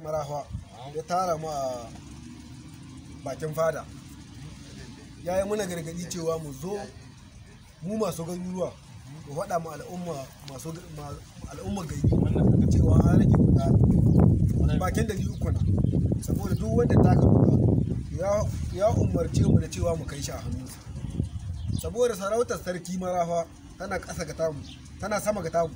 marafa ya tara mu a bakin fada ya yi muna gargadi cewa mu zo mu masu garuruwa mu faɗa mu al'umma al'umma gari cewa an rage guda bakin da uku na saboda duk wanda ta ka ya umarce mu da cewa mu kai shi a hannunsa saboda sarautar sarki marafa tana ƙasa ga tamu tana sama ga tamu